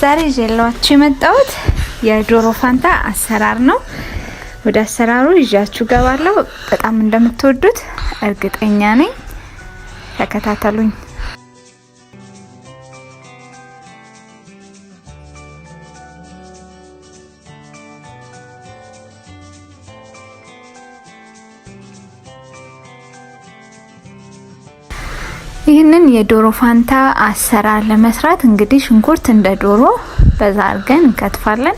ዛሬ ይዤላችሁ የመጣሁት የዶሮ ፋንታ አሰራር ነው። ወደ አሰራሩ ይዣችሁ ገባለሁ። በጣም እንደምትወዱት እርግጠኛ ነኝ። ተከታተሉኝ። ይህንን የዶሮ ፋንታ አሰራር ለመስራት እንግዲህ ሽንኩርት እንደ ዶሮ በዛ አርገን እንከትፋለን።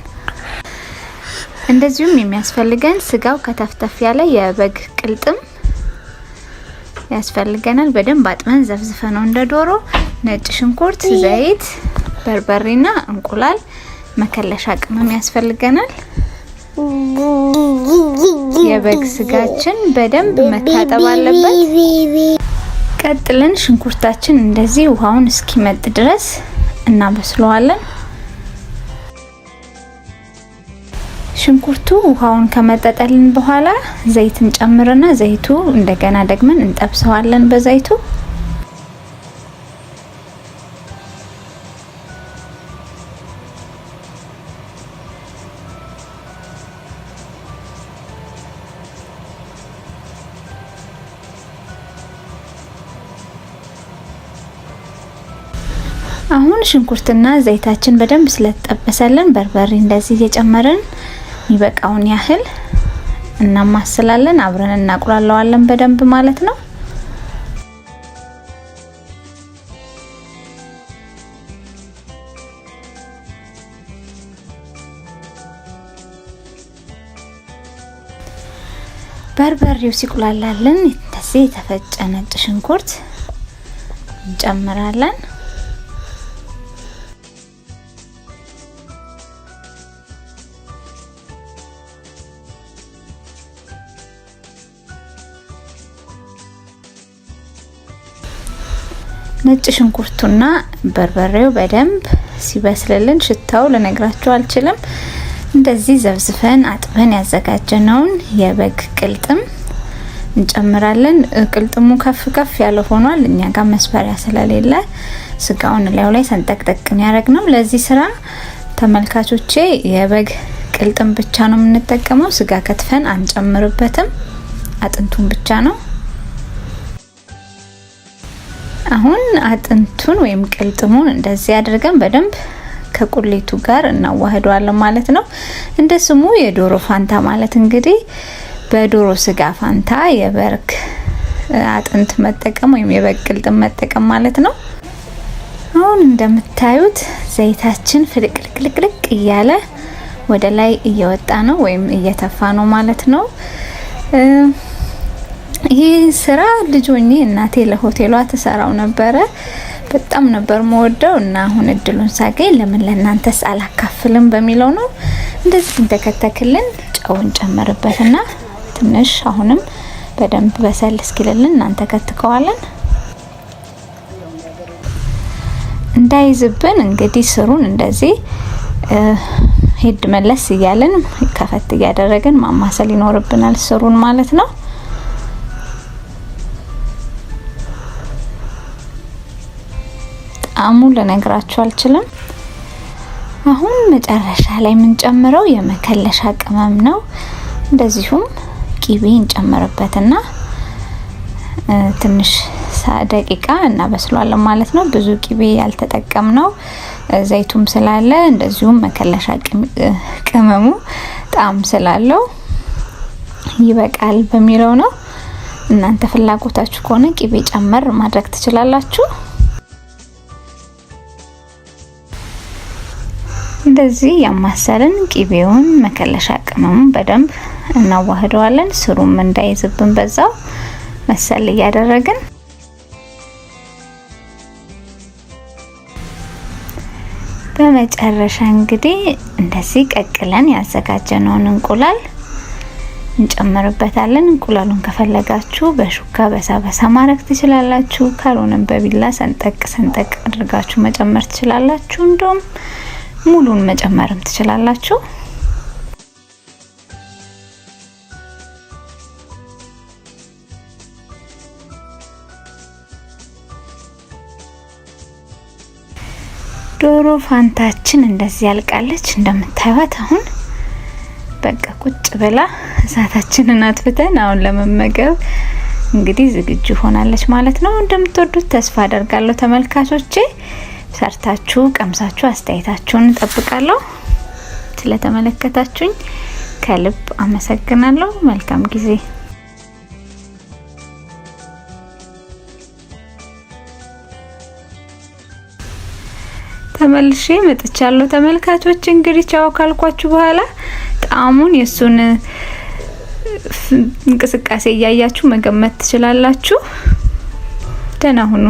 እንደዚሁም የሚያስፈልገን ስጋው ከተፍተፍ ያለ የበግ ቅልጥም ያስፈልገናል። በደንብ አጥመን ዘፍዝፈ ነው እንደ ዶሮ። ነጭ ሽንኩርት፣ ዘይት፣ በርበሬና እንቁላል መከለሻ ቅመም ያስፈልገናል። የበግ ስጋችን በደንብ መታጠብ አለበት። ቀጥለን ሽንኩርታችን እንደዚህ ውሃውን እስኪመጥ ድረስ እናበስለዋለን። ሽንኩርቱ ውሃውን ከመጠጠልን በኋላ ዘይትን ጨምርና ዘይቱ እንደገና ደግመን እንጠብሰዋለን በዘይቱ አሁን ሽንኩርትና ዘይታችን በደንብ ስለተጠበሰልን በርበሬ እንደዚህ እየጨመርን የሚበቃውን ያህል እናማስላለን። አብረን እናቁላለዋለን በደንብ ማለት ነው። በርበሬው ሲቁላላልን እንደዚህ የተፈጨ ነጭ ሽንኩርት እንጨምራለን። ነጭ ሽንኩርቱና በርበሬው በደንብ ሲበስልልን ሽታው ልነግራችሁ አልችልም። እንደዚህ ዘብዝፈን አጥበን ያዘጋጀነውን የበግ ቅልጥም እንጨምራለን። ቅልጥሙ ከፍ ከፍ ያለ ሆኗል። እኛ ጋር መስፈሪያ ስለሌለ ስጋውን ላዩ ላይ ሰንጠቅጠቅን ያደረግ ነው። ለዚህ ስራ ተመልካቾቼ የበግ ቅልጥም ብቻ ነው የምንጠቀመው። ስጋ ከትፈን አንጨምርበትም። አጥንቱን ብቻ ነው አሁን አጥንቱን ወይም ቅልጥሙን እንደዚህ አድርገን በደንብ ከቁሌቱ ጋር እናዋህደዋለን ማለት ነው። እንደ ስሙ የዶሮ ፋንታ ማለት እንግዲህ በዶሮ ስጋ ፋንታ የበርክ አጥንት መጠቀም ወይም የበግ ቅልጥም መጠቀም ማለት ነው። አሁን እንደምታዩት ዘይታችን ፍልቅልቅልቅልቅ እያለ ወደ ላይ እየወጣ ነው ወይም እየተፋ ነው ማለት ነው። ይህ ስራ ልጅ ሆኜ እናቴ ለሆቴሏ ትሰራው ነበረ። በጣም ነበር መወደው እና አሁን እድሉን ሳገኝ ለምን ለእናንተስ አላካፍልም በሚለው ነው እንደዚህ እንደከተክልን ጨውን ጨምርበትና ትንሽ አሁንም በደንብ በሰል እስኪልልን እናንተ ከትከዋለን እንዳይዝብን እንግዲህ ስሩን እንደዚህ ሄድ መለስ እያልን ከፈት እያደረግን ማማሰል ይኖርብናል ስሩን ማለት ነው። ጣዕሙ ልነግራችሁ አልችልም። አሁን መጨረሻ ላይ የምንጨምረው የመከለሻ ቅመም ነው። እንደዚሁም ቂቤ እንጨምርበትና ትንሽ ደቂቃ እናበስሏለን ማለት ነው። ብዙ ቂቤ ያልተጠቀም ነው ዘይቱም ስላለ እንደዚሁም መከለሻ ቅመሙ ጣዕም ስላለው ይበቃል በሚለው ነው። እናንተ ፍላጎታችሁ ከሆነ ቂቤ ጨመር ማድረግ ትችላላችሁ። እንደዚህ ያማሰልን ቂቤውን መከለሻ ቅመሙን በደንብ እናዋህደዋለን። ስሩም እንዳይዝብን በዛው መሰል እያደረግን በመጨረሻ እንግዲህ እንደዚህ ቀቅለን ያዘጋጀነውን እንቁላል እንጨምርበታለን። እንቁላሉን ከፈለጋችሁ በሹካ በሳ በሳ ማድረግ ትችላላችሁ። ካልሆነም በቢላ ሰንጠቅ ሰንጠቅ አድርጋችሁ መጨመር ትችላላችሁ። እንደውም ሙሉን መጨመርም ትችላላችሁ። ዶሮ ፋንታችን እንደዚህ ያልቃለች እንደምታዩት። አሁን በቃ ቁጭ ብላ እሳታችንን አጥፍተን አሁን ለመመገብ እንግዲህ ዝግጁ ሆናለች ማለት ነው። እንደምትወዱት ተስፋ አደርጋለሁ ተመልካቾቼ። ሰርታችሁ ቀምሳችሁ አስተያየታችሁን እንጠብቃለሁ። ስለተመለከታችሁኝ ከልብ አመሰግናለሁ። መልካም ጊዜ ተመልሼ መጥቻለሁ። ተመልካቾች እንግዲህ ቻው ካልኳችሁ በኋላ ጣዕሙን የሱን እንቅስቃሴ እያያችሁ መገመት ትችላላችሁ። ደህና ሁኑ።